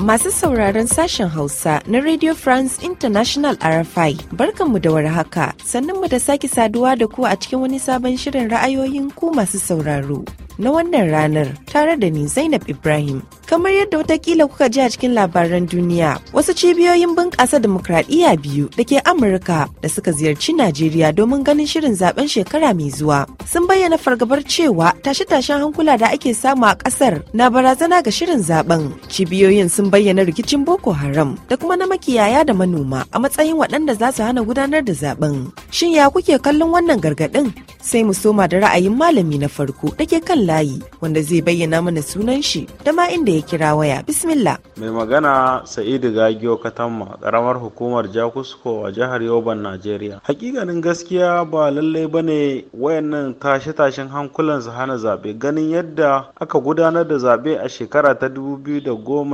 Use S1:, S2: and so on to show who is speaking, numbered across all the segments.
S1: Masu sauraron sashen Hausa na Radio France International RFI, barkanmu da warhaka, mu da sake saduwa da ku a cikin wani sabon shirin ra'ayoyin ku masu sauraro na wannan ranar tare da ni Zainab Ibrahim. Kamar yadda watakila kuka ji a cikin labaran duniya, wasu cibiyoyin bunƙasa demokradiyya biyu da ke Amurka da suka ziyarci Najeriya domin ganin shirin zaben shekara mai zuwa sun bayyana fargabar cewa tashe-tashen hankula da ake samu a ƙasar na barazana ga shirin zaben. Cibiyoyin sun bayyana rikicin Boko Haram da kuma na makiyaya da manoma a matsayin waɗanda za su hana gudanar da zaben. Shin ya kuke kallon wannan gargaɗin? sai mu soma da ra'ayin malami na farko da ke kan layi wanda zai bayyana mana sunan shi da ma inda ya kira waya bismillah
S2: mai magana sa'idu Gagio katamma karamar hukumar jakusko a jihar yoban najeriya hakikanin gaskiya ba lallai ba ne wayannan tashe-tashen hankulan su hana zaɓe ganin yadda aka gudanar da zaɓe a shekara ta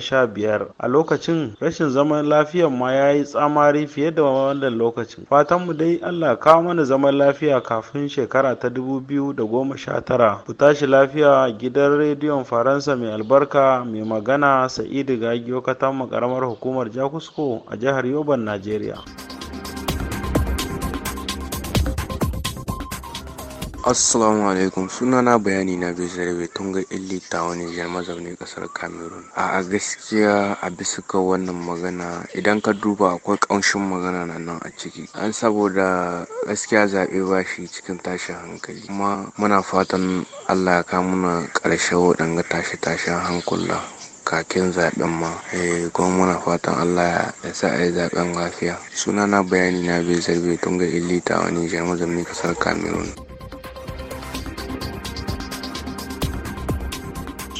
S2: sha biyar a lokacin rashin zaman lafiyar ma ya yi tsamari fiye da wannan lokacin mu dai allah kawo mana zaman lafiya kafin shekara ta da sha tara ku tashi lafiya gidan rediyon faransa mai albarka mai magana sa'idu gagiyo katamma karamar hukumar jakusko a jihar yoban najeriya
S3: Assalamu alaikum sunana bayani na bisa rabe illi illita wani jiyar mazaunin kasar Cameroon. A a gaskiya a bisa ka wannan magana idan ka duba akwai ƙanshin magana na nan a ciki. An saboda gaskiya zaɓe ba shi cikin tashin hankali. Kuma muna fatan Allah ya kamuna ƙarshe waɗanga tashi tashin hankula. kakin zaɓen ma eh kuma muna fatan Allah ya sa a yi zaɓen lafiya sunana bayani na bai zarbe tunga illita wani jami'ar kasar cameroon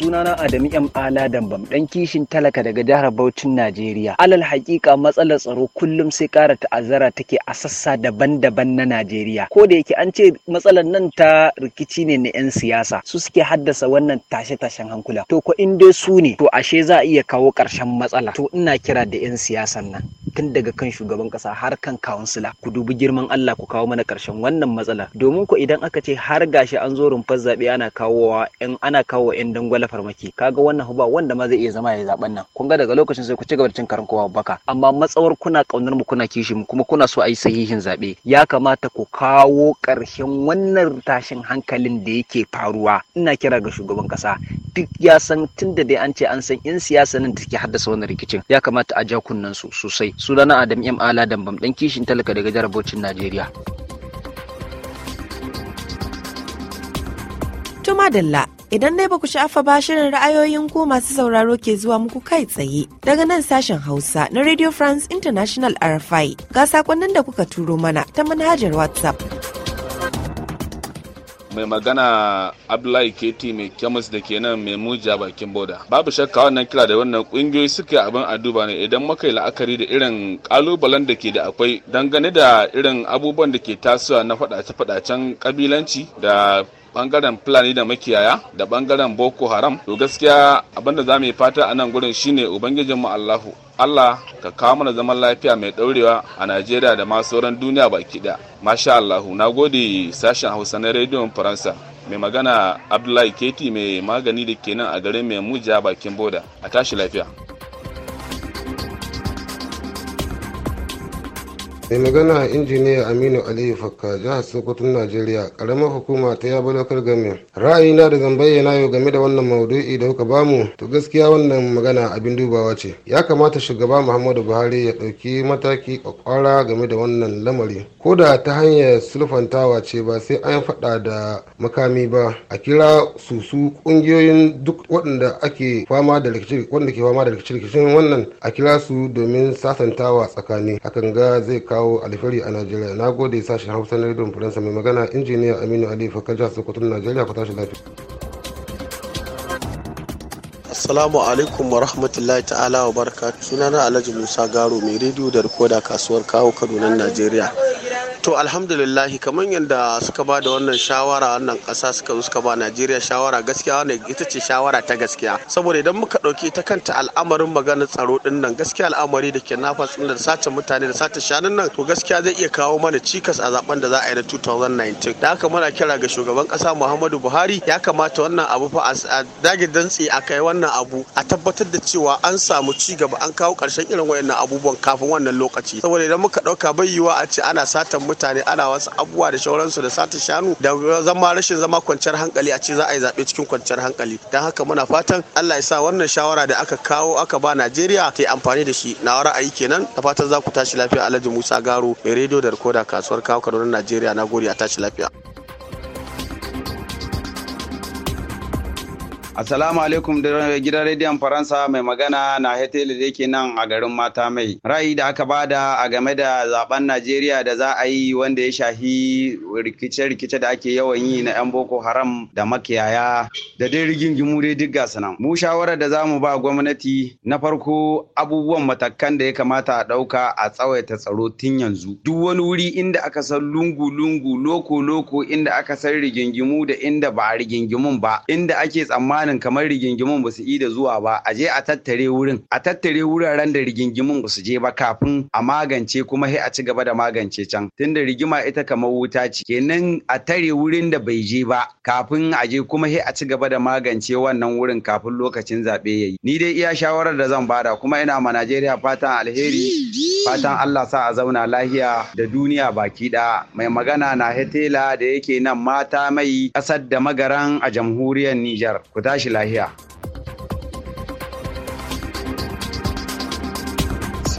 S4: sunana Adamu M Ala Dambam ɗan kishin talaka daga jihar Bauchin Najeriya. Alal hakika matsalar tsaro kullum sai ƙara ta'azzara take a sassa daban-daban na Najeriya. Ko da yake an ce matsalar nan ta rikici ne na 'yan siyasa su suke haddasa wannan tashe-tashen hankula. To ko in dai su ne to ashe za a iya kawo ƙarshen matsala. To ina kira da 'yan siyasan nan. tun daga kan shugaban kasa har kan kawunsila ku dubi girman Allah ku kawo mana karshen wannan matsala domin ku idan aka ce har gashi an zo rumfar zabe ana kawowa in ana kawo yan dangwala farmaki kaga wannan ba wanda ma zai iya zama ya zaben nan kun ga daga lokacin sai ku ci gaba da cin karin kowa baka amma matsawar kuna kaunar mu kuna kishi mu kuma kuna so a yi sahihin zabe ya kamata ku kawo karshen wannan tashin hankalin da yake faruwa ina kira ga shugaban kasa duk ya san tun da dai an ce an san yan siyasa nan da take haddasa wannan rikicin ya kamata a ja kunnen su sosai sunana adam m ala dambam dan kishin talaka daga jihar najeriya
S1: tuma dalla idan dai baku sha'afa ba shirin ra'ayoyin ku masu sauraro ke zuwa muku kai tsaye daga nan sashen hausa na radio france international rfi ga sakonnin da kuka turo mana ta manhajar whatsapp
S3: mai magana Abdullahi Keti mai kemis da ke nan mai muja bakin boda. Babu shakka wannan kira da wannan kungiyoyi suka abin a duba ne idan muka yi la'akari da irin kalubalen da ke da akwai dangane da irin abubuwan da ke tasowa na faɗace-faɗacen kabilanci da bangaren fulani da makiyaya da bangaren boko haram to gaskiya abinda za mu yi fata a nan gurin shine ubangijinmu allahu allah ka kawo mana zaman lafiya mai daurewa a najeriya da ma sauran duniya baki daya masha allahu na gode sashen hausa na rediyon faransa mai magana abdullahi keti mai magani da kenan a garin mai muja bakin boda a tashi lafiya mai magana injiniya aminu aliyu fakka jihar sokoton najeriya karamar hukuma ta yaba lokar game ra'ayina da zan bayyana yau game da wannan maudu'i da kuka bamu to gaskiya wannan magana abin dubawa ce ya kamata shugaba muhammadu buhari ya ɗauki mataki kwakwara game da wannan lamari ko da ta hanyar sulfantawa ce ba sai an faɗa da makami ba a kira susu ƙungiyoyin duk waɗanda ake fama da ke fama da rikici rikicin wannan a kira su domin sasantawa tsakani hakan ga zai kawo kawo alfari a najeriya na gode sashen hausa na rediyon faransa mai magana injiniya aminu ali fakaja sokoton najeriya ku tashi lafiya
S2: Assalamu alaikum wa rahmatullahi ta'ala wa baraka sunana Alhaji Musa Garo mai rediyo da rikoda kasuwar kawo Kaduna Najeriya. to alhamdulillahi kamar yadda suka ba da wannan shawara wannan kasa suka suka ba najeriya shawara gaskiya wannan ita ce shawara ta gaskiya saboda idan muka ɗauki ta kanta al'amarin maganar tsaro din nan gaskiya al'amari da ke nafas ɗin da sace mutane da sace shanun nan to gaskiya zai iya kawo mana cikas a zaben da za a yi na 2019 da haka muna kira ga shugaban kasa muhammadu buhari ya kamata wannan abu fa a dage dantse a kai wannan abu a tabbatar da cewa an samu ci gaba an kawo ƙarshen irin wayannan abubuwan kafin wannan lokaci saboda idan muka ɗauka bai yiwa a ce ana satan mutane ana wasu abubuwa da shauransu da sata shanu da zama rashin zama kwanciyar hankali a ce za a yi zaɓe cikin kwanciyar hankali don haka muna fatan Allah ya sa wannan shawara da aka kawo aka ba Najeriya ta yi amfani da shi na yi kenan da fatan za ku tashi lafiya Alhaji Musa Garo mai rediyo da rikoda kasuwar kawo Kaduna Najeriya na gode a tashi lafiya.
S5: Assalamu alaikum da gidan rediyon Faransa mai magana na Hetele da yake nan a garin Mata Mai. Ra'ayi da aka bada a game da zaben Najeriya da za a yi wanda ya shahi rikice-rikice da ake yawan yi na 'yan Boko Haram da makiyaya da dai rigingimu dai duk gasu nan. Mu shawarar da za mu ba gwamnati na farko abubuwan matakan da ya kamata a ɗauka a tsawaita tsaro tun yanzu. Duk wani wuri inda aka san lungu-lungu, loko-loko inda aka san rigingimu da inda ba rigingimun ba, inda ake tsammani tsammanin kamar rigingimun ba su yi da zuwa ba a je a tattare wurin a tattare wuraren da rigingimun ba su je ba kafin a magance kuma sai a ci gaba da magance can tunda rigima ita kamar wuta ce kenan a tare wurin da bai je ba kafin a je kuma sai a ci gaba da magance wannan wurin kafin lokacin zaɓe ya yi ni dai iya shawarar da zan bada kuma ina ma Najeriya fatan alheri Fatan Allah sa a zauna lahiya da duniya baki ɗaya. Mai magana na Hetela da yake nan mata mai kasar da magaran a jamhuriyar Nijar. Ku tashi lahiya.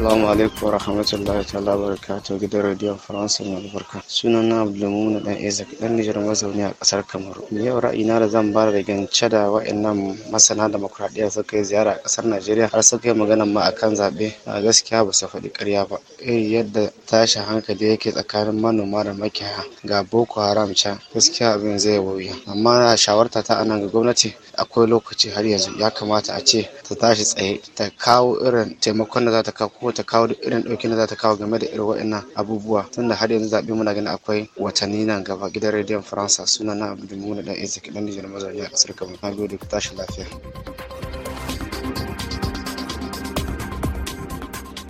S3: Assalamu alaikum wa rahmatullahi ta'ala barakatu gidan radio Faransa mai albarka. Sunan na Abdulmuna dan Isaac dan Nijar mazauni a kasar Kamaru. Yau na da zan bada dangance da wa'annan masana demokradiyya suka yi ziyara a kasar Najeriya har suka yi magana ma akan zaɓe. A gaskiya ba su faɗi ƙarya ba. Irin yadda tashi hankali yake tsakanin manoma da makiya ga Boko Haram can gaskiya abin zai wuya. Amma shawarta ta anan ga gwamnati akwai lokaci har yanzu ya kamata a ce ta tashi tsaye ta kawo irin taimakon da za ta kawo ko ta kawo irin ɗaukin da za ta kawo game da irin waɗannan abubuwa tunda har yanzu zaɓe muna ganin akwai watanni nan gaba gidan rediyon faransa suna na abdulmuna da izaki dan jirgin mazauni a ƙasar kamar na gode ku tashi lafiya.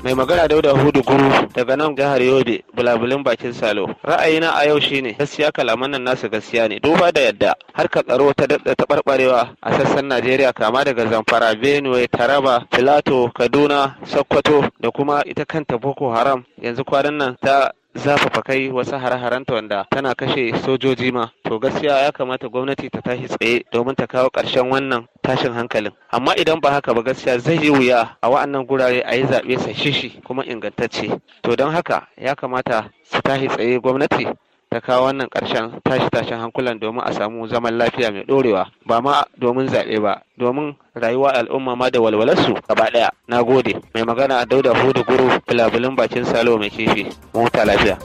S3: mai magana dauda hudu guru daga nan jihar yobe bulabulin bakin salo ra'ayina a yau shine gaskiya kalaman nan nasu gaskiya ne duba da yadda harkar tsaro ta ta ɓarɓarewa a sassan najeriya kama daga zamfara benue taraba filato kaduna sokoto da kuma ita kanta boko haram yanzu kwanan nan ta zafafa kai wasu hare-harenta wanda tana kashe sojoji ma to gaskiya ya kamata gwamnati ta tashi tsaye domin ta kawo ƙarshen wannan tashin hankalin amma idan ba haka ba gaskiya zai yi wuya a wa'annan gurare a yi zaɓe sashishi kuma ingantacce to don haka ya kamata su tashi tsaye gwamnati ta kawo wannan ƙarshen tashi-tashin hankulan domin a samu zaman lafiya mai ɗorewa ba ma domin zaɓe ba domin rayuwa al'umma ma da walwalarsu gaba ɗaya na gode mai magana a dauda hudu guru bulabulin bakin salo mai kifi mota lafiya.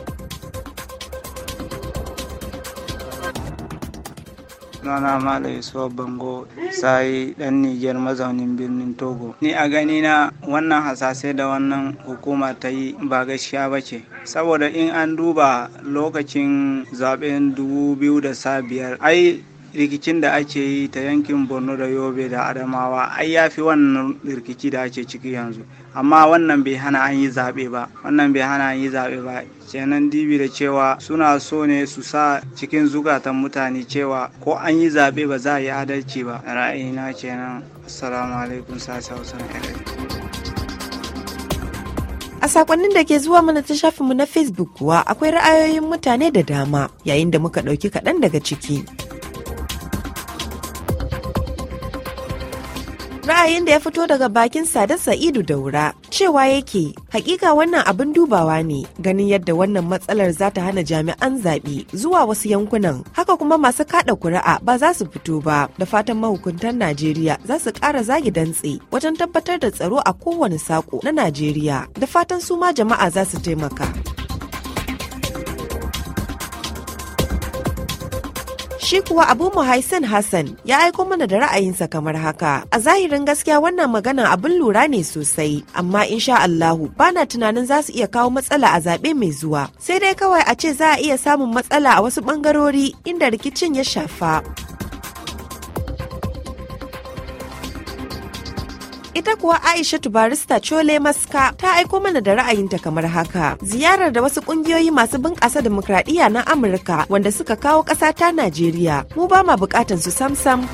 S5: sunana Malam Yusuf Bango sai dan Nijar mazaunin birnin Togo. Ni a gani na wannan hasashe da wannan hukuma ta yi ba gaskiya ba ce. Saboda in an duba lokacin zaben sabiyar ai rikicin da ake yi ta yankin Borno da Yobe da Adamawa ai ya fi wannan rikici da ake ciki yanzu. amma wannan bai hana an yi zaɓe ba wannan bai hana an yi zaɓe ba kenan dibi da cewa suna so ne su sa cikin zukatan mutane cewa ko an yi zaɓe ba za a yi adalci ba ra'ayina kenan assalamu alaikum sasa
S1: A sakonnin da ke zuwa mana ta shafinmu na Facebook kuwa akwai ra'ayoyin mutane da dama yayin da muka ɗauki kaɗan daga ciki. ra'ayin da ya fito daga bakin Sada Sa'idu Daura cewa yake hakika wannan abin dubawa ne ganin yadda wannan matsalar za ta hana jami'an zaɓe zuwa wasu yankunan haka kuma masu kaɗa kuri'a ba za su fito ba da fatan mahukuntan Najeriya za su ƙara zagi dantse wajen tabbatar da tsaro a kowane saƙo na Najeriya da fatan su ma jama'a za su taimaka. Shi kuwa Abu Muhaisin Hassan ya aiko mana da ra'ayinsa kamar haka. A zahirin gaskiya wannan magana abin lura ne sosai, amma insha Allahu bana tunanin za su iya kawo matsala a zaɓe mai zuwa. Sai dai kawai a ce za a iya samun matsala a wasu ɓangarori inda rikicin ya shafa. Ita kuwa aisha barista Chole Maska ta aiko mana da ra'ayinta kamar haka. Ziyarar da wasu kungiyoyi masu bunƙasa demokradiyya na Amurka wanda suka kawo ƙasa ta Najeriya. Mu ba ma buƙatan su samsam.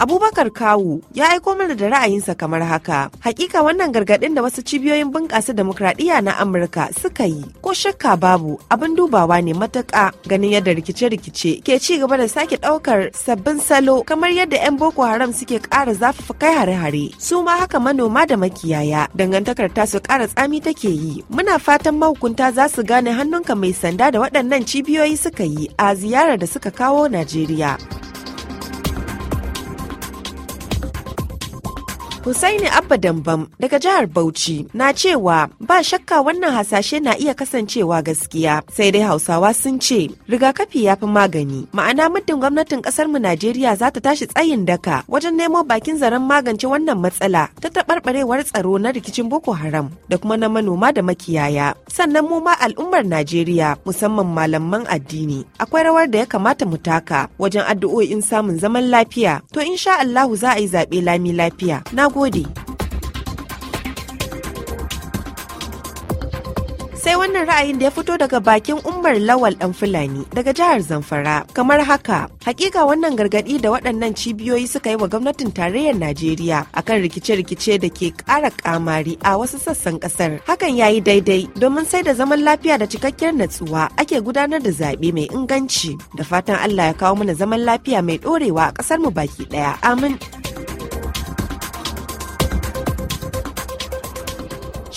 S1: Abubakar Kawu ya aiko mana da ra'ayinsa kamar haka. Hakika wannan gargaɗin da wasu cibiyoyin bunƙasa demokradiyya na Amurka suka yi ko shakka babu abin dubawa ne matuƙa ganin yadda rikice-rikice ke ci gaba da sake ɗaukar sabbin salo kamar yadda 'yan Boko Haram suke ƙara zafafa kai hare-hare. Su ma haka manoma da makiyaya dangantakar su ƙara tsami take yi. Muna fatan mahukunta za su gane hannunka mai sanda da waɗannan cibiyoyi suka yi a ziyarar da suka kawo Najeriya. Hussaini Abba Dambam daga jihar Bauchi na cewa ba shakka wannan hasashe na iya kasancewa gaskiya sai dai Hausawa sun ce rigakafi ya fi magani. Ma'ana muddin gwamnatin kasar mu Najeriya za ta tashi tsayin daka wajen nemo bakin zaren magance wannan matsala ta taɓarɓarewar tsaro na rikicin Boko Haram da kuma na manoma da makiyaya. Sannan mu ma al'ummar Najeriya musamman malaman addini akwai rawar da ya kamata mu taka wajen addu'o'in samun zaman lafiya to insha Allahu za a yi zaɓe lami lafiya. Na gode. sai wannan ra'ayin da ya fito daga bakin umar lawal ɗan fulani daga jihar zamfara kamar haka hakika wannan gargaɗi da waɗannan cibiyoyi suka yi wa gwamnatin tarayyar najeriya akan rikice-rikice da ke ƙara ƙamari a wasu sassan ƙasar hakan ya yi daidai domin sai da zaman lafiya da cikakkiyar natsuwa ake gudanar da zaɓe mai inganci da fatan allah ya kawo mana zaman lafiya mai ɗorewa a ƙasar mu baki ɗaya amin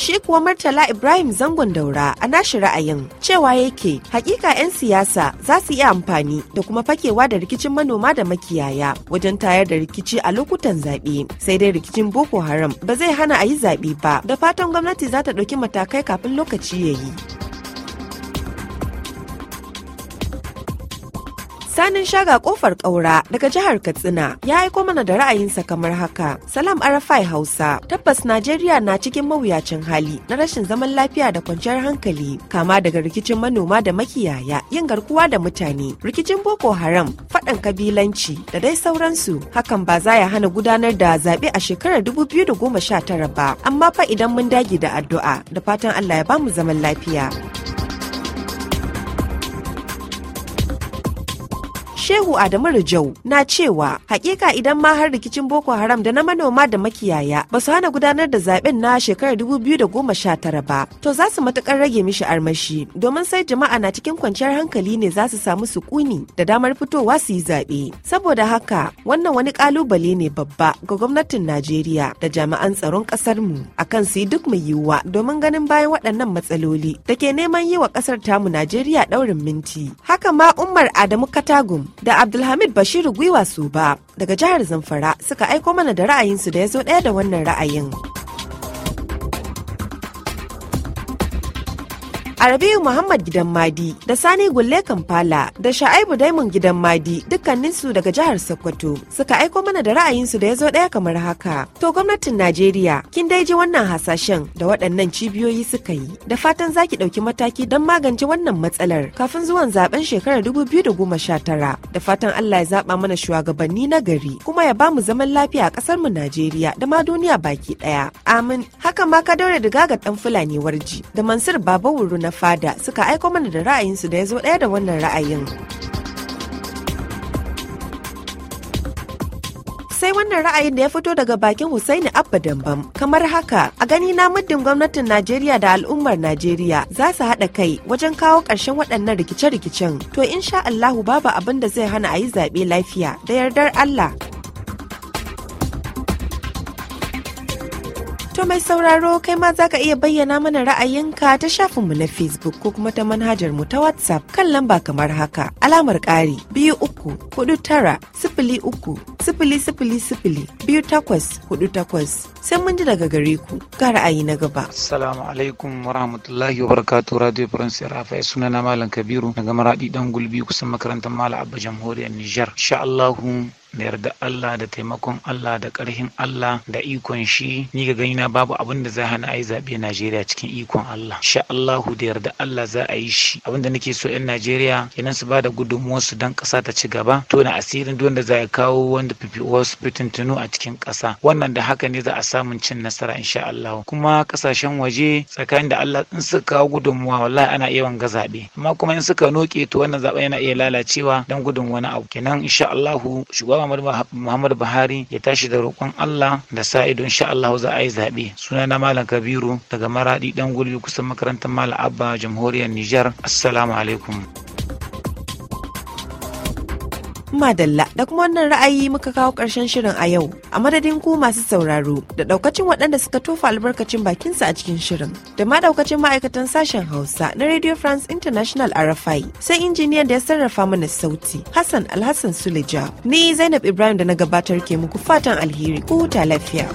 S1: shi kuwa Murtala Ibrahim Zangon Daura a nashi ra'ayin cewa yake hakika 'yan siyasa za su yi amfani da kuma fakewa da rikicin manoma da makiyaya wajen tayar da rikici a lokutan zaɓe sai dai rikicin Boko Haram ba zai hana a yi zaɓe ba da fatan gwamnati za ta ɗauki matakai kafin lokaci ya yi. Sanin shaga kofar ƙaura daga jihar Katsina ya aiko mana da ra'ayinsa kamar haka. Salam Arafai Hausa, tabbas Najeriya na cikin mawuyacin hali na rashin zaman lafiya da kwanciyar hankali, kama daga rikicin manoma da makiyaya, yin garkuwa da mutane, rikicin Boko Haram, faɗan kabilanci da dai sauransu. Hakan ba za ya hana gudanar da zaɓe a shekarar 2019 ba, amma fa idan mun dage da addu'a da fatan Allah ya bamu zaman lafiya. Shehu Adamu Rijau na cewa hakika idan ma har rikicin Boko Haram da na manoma da makiyaya ba su hana gudanar da zaben na shekarar 2019 ba to za su matukar rage mishi armashi domin sai jama'a na cikin kwanciyar hankali ne za su samu sukuni da damar fitowa su yi zaɓe. Saboda haka wannan wani kalubale ne babba ga gwamnatin Najeriya da jami'an tsaron ƙasar mu akan su yi duk mai yiwuwa domin ganin bayan waɗannan matsaloli da ke neman yi wa ƙasar tamu Najeriya ɗaurin minti. Haka ma Umar Adamu Katagum da Abdulhamid Bashiru Gwiwa su ba daga jihar Zamfara suka aiko mana da ra'ayinsu da ya zo ɗaya da wannan ra'ayin. Arabiyu Muhammad Gidan Madi da Sani Gulle Kamfala da Sha'aibu Daimon Gidan Madi dukkaninsu daga jihar Sokoto suka aiko mana da ra'ayinsu da ya zo ɗaya kamar haka. To gwamnatin Najeriya kin dai ji wannan hasashen da waɗannan cibiyoyi suka yi da fatan za ki ɗauki mataki don magance wannan matsalar kafin zuwan zaben shekarar dubu biyu da goma sha tara. Da fatan Allah ya zaɓa mana shugabanni na gari kuma ya bamu zaman lafiya a ƙasar mu Najeriya da ma duniya baki ɗaya. Amin. Haka ma ka daure da ga ɗan Fulani warji da Mansur Babawuru na fada suka aiko mana da ra'ayin su da ya zo ɗaya da wannan ra'ayin. sai wannan ra'ayin da ya fito daga bakin Husaini Abba Dambam kamar haka a gani na muddin gwamnatin Najeriya da al'ummar Najeriya za su haɗa kai wajen kawo ƙarshen waɗannan rikice-rikicen to insha Allahu babu abin da zai hana a yi zaɓe lafiya da yardar Allah To mai sauraro kai ma za ka iya bayyana mana ra'ayinka ta shafinmu na Facebook ko kuma ta manhajar mu ta WhatsApp kan lamba kamar haka alamar ƙari biyu uku hudu tara sifili uku sifili sifili sifili biyu takwas hudu takwas sai mun ji daga gare ku ga ra'ayi na gaba.
S6: Assalamu alaikum wa rahmatullahi wa barakatuh Radio France Rafa ya sunana Malam Kabiru daga Maradi dan Gulbi kusan makarantar Malam Abba Jamhuriyar Nijar. Insha Allahu da yarda Allah da taimakon Allah da ƙarfin Allah da ikon shi ni ga gani na babu abin da za hana ayi zaɓe Najeriya cikin ikon Allah sha Allahu da yarda Allah za a yi shi abin da nake so 'yan Najeriya kenan su ba da su don ƙasa ta ci gaba to na asirin duk wanda za ya kawo wanda wasu fitintunu a cikin ƙasa wannan da haka ne za a samun cin nasara insha Allah kuma ƙasashen waje tsakanin da Allah in suka kawo gudunmuwa wallahi ana iya wanga zaɓe amma kuma in suka noke to wannan zaben yana iya lalacewa don gudun wani abu kenan insha Allah shugaba shugaba Muhammadu Buhari ya tashi da roƙon Allah da sa ido sha Allah za a yi zaɓe. na Malam Kabiru daga Maradi ɗan gulbi kusan makarantar Malam Abba jamhuriyar Nijar. Assalamu alaikum.
S1: Madalla da kuma wannan ra'ayi muka kawo ƙarshen shirin a yau a madadin ku masu sauraro da daukacin waɗanda suka tofa albarkacin bakinsa a cikin shirin da ma daukacin ma'aikatan sashen Hausa na Radio France International RFI sai injiniyan da ya sarrafa mana sauti Hassan Alhassan Suleja ni Zainab Ibrahim da na gabatar ke muku fatan alheri ku huta lafiya.